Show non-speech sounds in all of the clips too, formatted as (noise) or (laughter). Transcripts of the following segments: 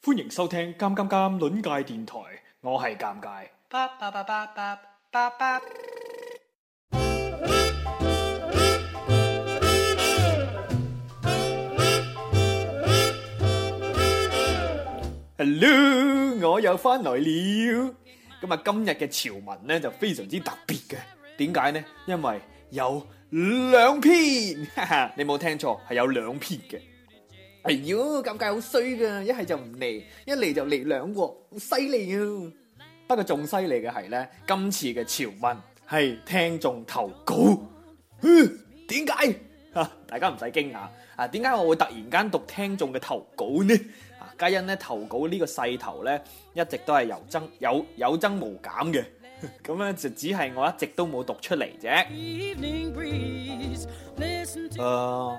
歡迎收聽《尷尷尷》論界電台，我係尷尬。Hello，我又翻來了。咁啊，今日嘅潮文咧就非常之特別嘅，點解咧？因為有兩篇，你冇聽錯，係有兩篇嘅。係喲、哎，尷尬好衰噶，一係就唔嚟，一嚟就嚟兩鑊，好犀利啊！不過仲犀利嘅係咧，今次嘅潮文係聽眾投稿，嗯、呃，點解、啊、大家唔使驚啊，點解我會突然間讀聽眾嘅投稿呢？啊，皆因咧投稿個呢個勢頭咧，一直都係由增有有增無減嘅，咁、啊、咧就只係我一直都冇讀出嚟啫。啊！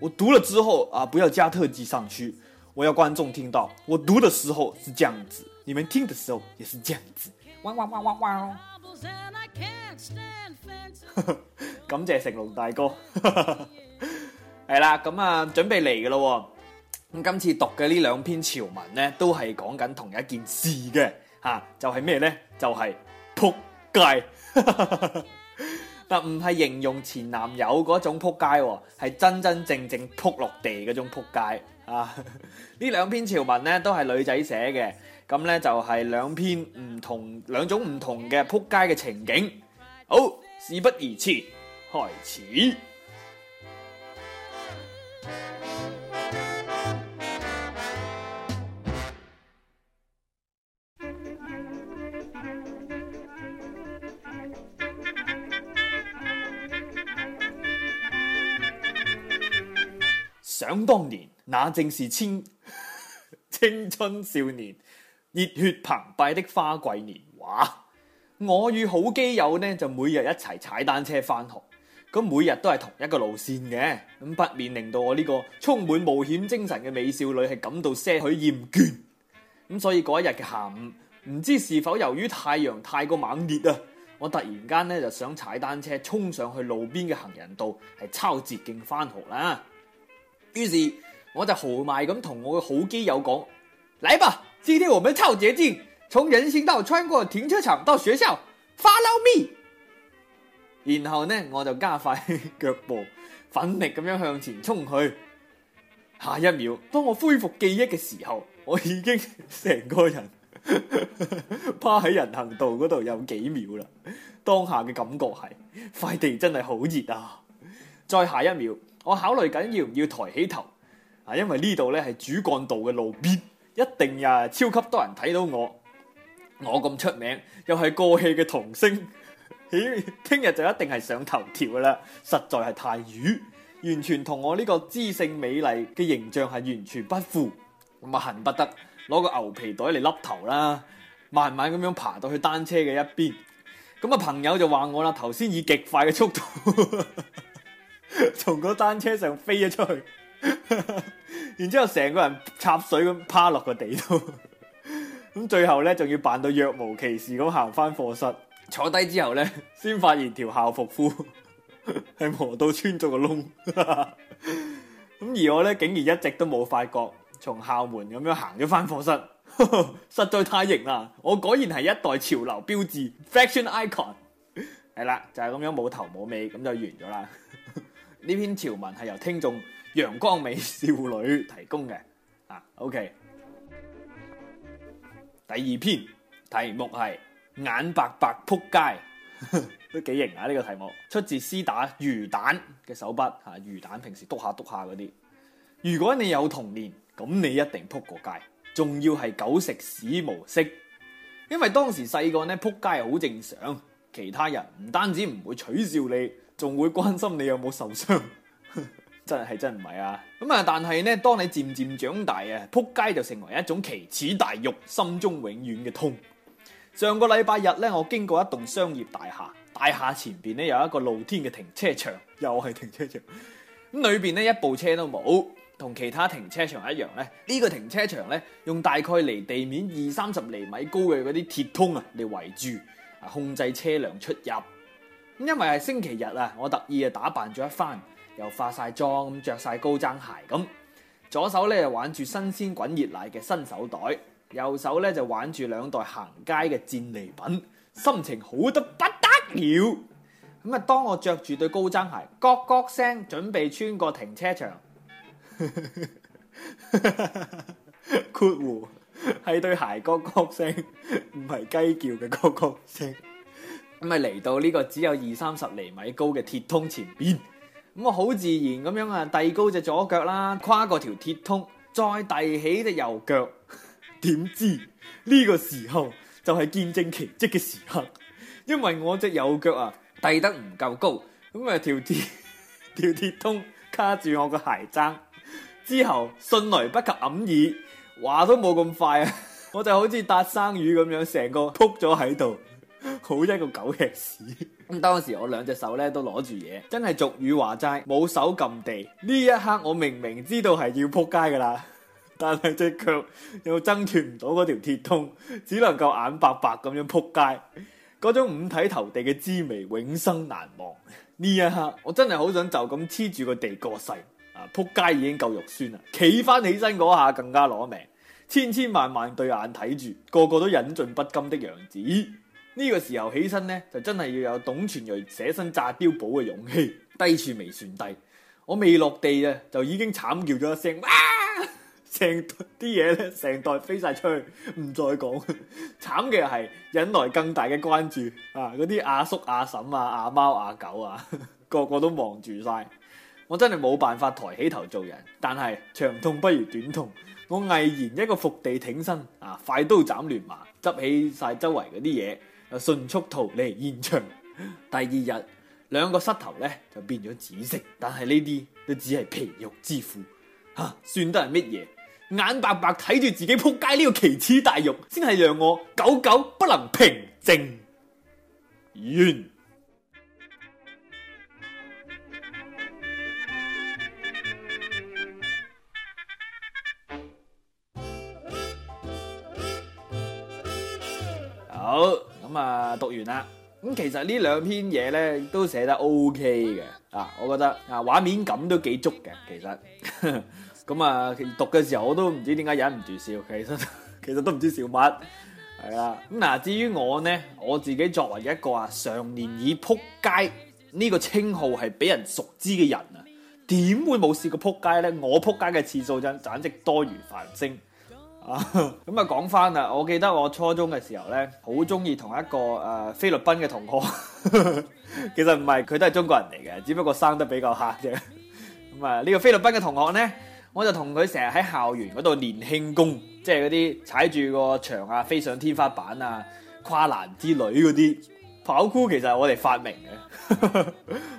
我讀了之後啊，不要加特技上去，我要觀眾聽到我讀的時候是這樣子，你們聽的時候也是這樣子。哇哇哇哇 (laughs) 感謝成龍大哥。係 (laughs) 啦，咁啊，準備嚟嘅咯。咁今次讀嘅呢兩篇潮文呢，都係講緊同一件事嘅，吓、啊，就係、是、咩呢？就係、是、撲街。 (laughs) 嗱，唔係形容前男友嗰種撲街，係真真正正撲落地嗰種撲街啊！呢兩篇潮文咧都係女仔寫嘅，咁咧就係兩篇唔同，兩種唔同嘅撲街嘅情景。好，事不宜遲，開始。想當年，那正是青呵呵青春少年，熱血澎湃的花季年華。我與好基友呢就每日一齊踩單車翻學，咁每日都係同一個路線嘅，咁不免令到我呢個充滿冒險精神嘅美少女係感到些許厭倦。咁所以嗰一日嘅下午，唔知是否由於太陽太過猛烈啊，我突然間呢就想踩單車衝上去路邊嘅行人道，係抄捷徑翻學啦。於是我就豪邁咁同我嘅好基友講：來吧，今天我們抄捷徑，從人行道穿過停車場到學校。Follow me！然後呢，我就加快腳步，奮力咁樣向前衝去。下一秒，當我恢復記憶嘅時候，我已經成個人趴喺人行道嗰度有幾秒啦。當下嘅感覺係塊地真係好熱啊！再下一秒。我考慮緊要唔要抬起頭，啊，因為呢度咧係主幹道嘅路邊，一定又係超級多人睇到我。我咁出名，又係過氣嘅童星，咦，聽日就一定係上頭條啦！實在係太瘀，完全同我呢個知性美麗嘅形象係完全不符。咁啊，恨不得攞個牛皮袋嚟笠頭啦，慢慢咁樣爬到去單車嘅一邊。咁啊，朋友就話我啦，頭先以極快嘅速度。 (laughs) 從個 (laughs) 單車上飛咗出去， (laughs) 然之後成個人插水咁趴落個地度，咁最後咧仲要扮到若無其事咁行翻課室，坐低之後咧先發現條校服褲係 (laughs) 磨到穿咗個窿，咁而我咧竟然一直都冇發覺，從校門咁樣行咗翻課室， (laughs) 實在太型啦！我果然係一代潮流標誌 fashion icon，係啦， (laughs) 就係咁樣冇頭冇尾咁就完咗啦。呢篇潮文係由聽眾陽光美少女提供嘅，啊，OK。第二篇題目係眼白白撲街，都幾型啊！呢、這個題目出自私打魚蛋嘅手筆，嚇、啊、魚蛋平時篤下篤下嗰啲。如果你有童年，咁你一定撲過街，仲要係狗食屎模式，因為當時細個呢，撲街好正常，其他人唔單止唔會取笑你。仲會關心你有冇受傷，呵呵真係真唔係啊！咁啊，但係咧，當你漸漸長大啊，撲街就成為一種奇恥大辱，心中永遠嘅痛。上個禮拜日咧，我經過一棟商業大廈，大廈前邊咧有一個露天嘅停車場，又係停車場。咁裏邊咧一部車都冇，同其他停車場一樣咧。呢個停車場咧用大概離地面二三十厘米高嘅嗰啲鐵通啊嚟圍住，啊控制車輛出入。因為係星期日啊，我特意啊打扮咗一番，又化曬妝，着晒高踭鞋，咁左手咧就玩住新鮮滾熱奶嘅新手袋，右手咧就玩住兩袋行街嘅戰利品，心情好得不得了。咁啊，當我着住對高踭鞋，咯咯聲準備穿過停車場，括弧，係對鞋咯咯聲，唔係雞叫嘅咯咯聲。咁咪嚟到呢個只有二三十厘米高嘅鐵通前邊，咁我好自然咁樣啊，遞高隻左腳啦，跨過條鐵通，再遞起隻右腳。點知呢個時候就係見證奇蹟嘅時刻，因為我隻右腳啊遞得唔夠高，咁啊條鐵條鐵通卡住我個鞋踭。之後迅雷不及掩耳，話都冇咁快啊，我就好似搭生魚咁樣，成個扑咗喺度。好一個狗吃屎！咁 (laughs) 當時我兩隻手咧都攞住嘢，真係俗語話齋冇手撳地呢一刻。我明明知道係要扑街噶啦，但係隻腳又掙脫唔到嗰條鐵通，只能夠眼白白咁樣扑街。嗰種五體投地嘅滋味永生難忘。呢一刻我真係好想就咁黐住個地過世啊！扑街已經夠肉酸啦，企翻起身嗰下更加攞命，千千萬萬對眼睇住，個個都忍俊不禁的樣子。呢個時候起身呢，就真係要有董存瑞捨身炸碉堡嘅勇氣。低處未算低，我未落地啊，就已經慘叫咗一聲，哇、啊！成啲嘢咧，成袋飛晒出去，唔再講。慘嘅係引來更大嘅關注啊！嗰啲阿叔阿嬸啊，阿貓阿狗啊，個個都望住晒。我真係冇辦法抬起頭做人，但係長痛不如短痛，我毅然一個伏地挺身啊！快刀斬亂麻，執起晒周圍嗰啲嘢。迅速逃離現場。第二日，兩個膝頭咧就變咗紫色，但係呢啲都只係皮肉之苦。嚇，算得係乜嘢？眼白白睇住自己仆街呢個奇恥大辱，先係讓我久久不能平靜完。好。咁啊，讀完啦。咁其實呢兩篇嘢咧都寫得 OK 嘅，啊，我覺得啊畫面感都幾足嘅。其實咁啊，其讀嘅時候我都唔知點解忍唔住笑。其實其實都唔知笑乜，係啊。咁嗱，至於我咧，我自己作為一個啊常年以撲街呢個稱號係俾人熟知嘅人啊，點會冇試過撲街咧？我撲街嘅次數真簡直多如繁星。啊，咁啊講翻啦，我記得我初中嘅時候咧，好中意同一個誒、呃、菲律賓嘅同學，呵呵其實唔係，佢都係中國人嚟嘅，只不過生得比較黑啫。咁啊呢個菲律賓嘅同學咧，我就同佢成日喺校園嗰度練輕功，即係嗰啲踩住個牆啊，飛上天花板啊、跨欄之類嗰啲跑酷，其實係我哋發明嘅，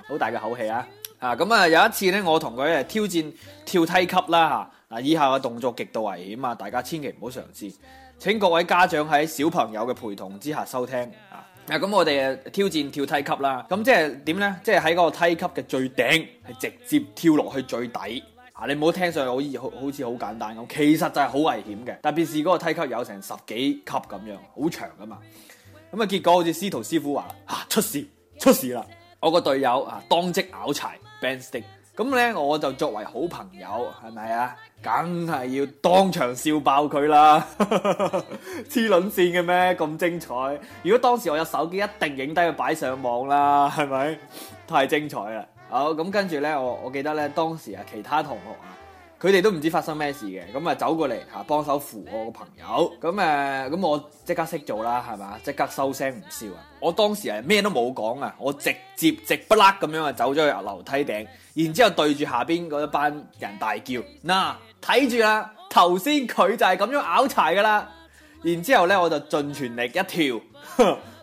好大嘅口氣啊！啊咁啊，有一次咧，我同佢啊挑戰跳梯級啦吓，嗱、啊、以下嘅動作極度危險啊，大家千祈唔好嘗試，請各位家長喺小朋友嘅陪同之下收聽啊。嗱、啊，咁我哋挑戰跳梯級啦，咁、啊、即係點咧？即係喺嗰個梯級嘅最頂，係直接跳落去最底啊！你唔好聽上去好似好易好好似好簡單咁，其實就係好危險嘅，特別是嗰個梯級有成十幾級咁樣，好長噶嘛。咁啊，結果好似司徒師傅話啊出事，出事啦！我個隊友啊，當即拗柴。Band Stick，咁咧我就作為好朋友，係咪啊？梗係要當場笑爆佢啦！ (laughs) 黐撚線嘅咩？咁精彩！如果當時我有手機，一定影低佢擺上網啦，係咪？太精彩啦！好，咁跟住咧，我我記得咧，當時啊，其他同學啊。佢哋都唔知發生咩事嘅，咁啊走過嚟嚇、啊、幫手扶我個朋友，咁咁、啊、我即刻識做啦，係嘛？即刻收聲唔笑啊！我當時係咩都冇講啊，我直接直不甩咁樣啊走咗去樓梯頂，然之後對住下邊嗰一班人大叫：嗱、啊，睇住啦！頭先佢就係咁樣拗柴噶啦。然之後呢，我就盡全力一跳，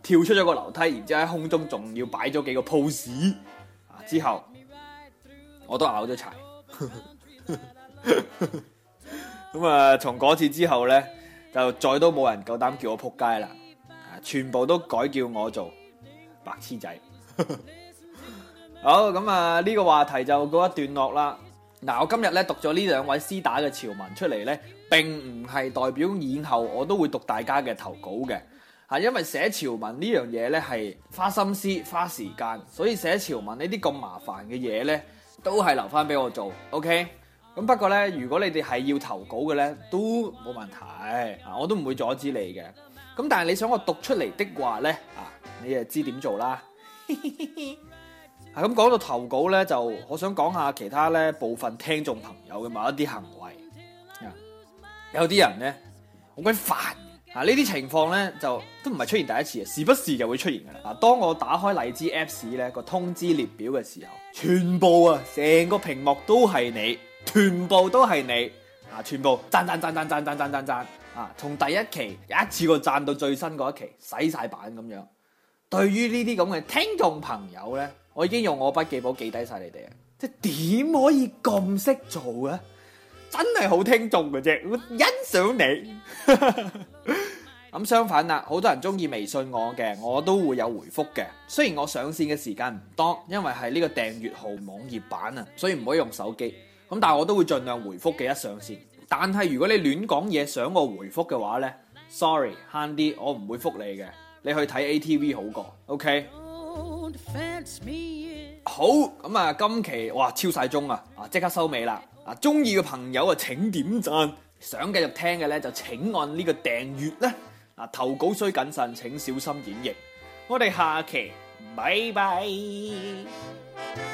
跳出咗個樓梯，然後、啊、之後喺空中仲要擺咗幾個 pose，之後我都拗咗柴,柴。 (laughs) 咁啊，從嗰 (laughs) 次之後呢，就再都冇人夠膽叫我撲街啦，全部都改叫我做白痴仔。 (laughs) 好咁啊，呢、這個話題就告一段落啦。嗱， (laughs) 我今日咧讀咗呢兩位師打嘅潮文出嚟呢，並唔係代表以後我都會讀大家嘅投稿嘅啊，因為寫潮文呢樣嘢呢，係花心思、花時間，所以寫潮文呢啲咁麻煩嘅嘢呢，都係留翻俾我做，OK？咁不過咧，如果你哋係要投稿嘅咧，都冇問題，我都唔會阻止你嘅。咁但係你想我讀出嚟的話咧，啊，你就知點做啦。咁 (laughs) 講到投稿咧，就我想講下其他咧部分聽眾朋友嘅某一啲行為。有啲人咧好鬼煩啊！煩況呢啲情況咧就都唔係出現第一次，時不時就會出現噶啦。啊，當我打開荔枝 Apps 咧個通知列表嘅時候，全部啊成個屏幕都係你！全部都係你啊！全部讚讚讚讚讚讚讚讚讚啊！從第一期一次過讚到最新嗰一期，洗晒版咁樣。對於呢啲咁嘅聽眾朋友咧，我已經用我筆記簿記低晒你哋啊！即係點可以咁識做啊？真係好聽眾嘅啫，我欣賞你。咁相反啊，好多人中意微信我嘅，我都會有回復嘅。雖然我上線嘅時間唔多，因為係呢個訂閱號網頁版啊，所以唔可以用手機。咁但係我都會盡量回覆嘅，一上線，但係如果你亂講嘢想我回覆嘅話呢，Sorry 慳啲，Sorry, i, 我唔會復你嘅，你去睇 ATV 好過，OK？好咁啊、嗯，今期哇超晒鐘啊，啊即刻收尾啦！啊，中意嘅朋友啊請點贊，想繼續聽嘅呢，就請按呢個訂閱啦。嗱，投稿需謹慎，請小心演繹。我哋下期拜拜。Bye bye。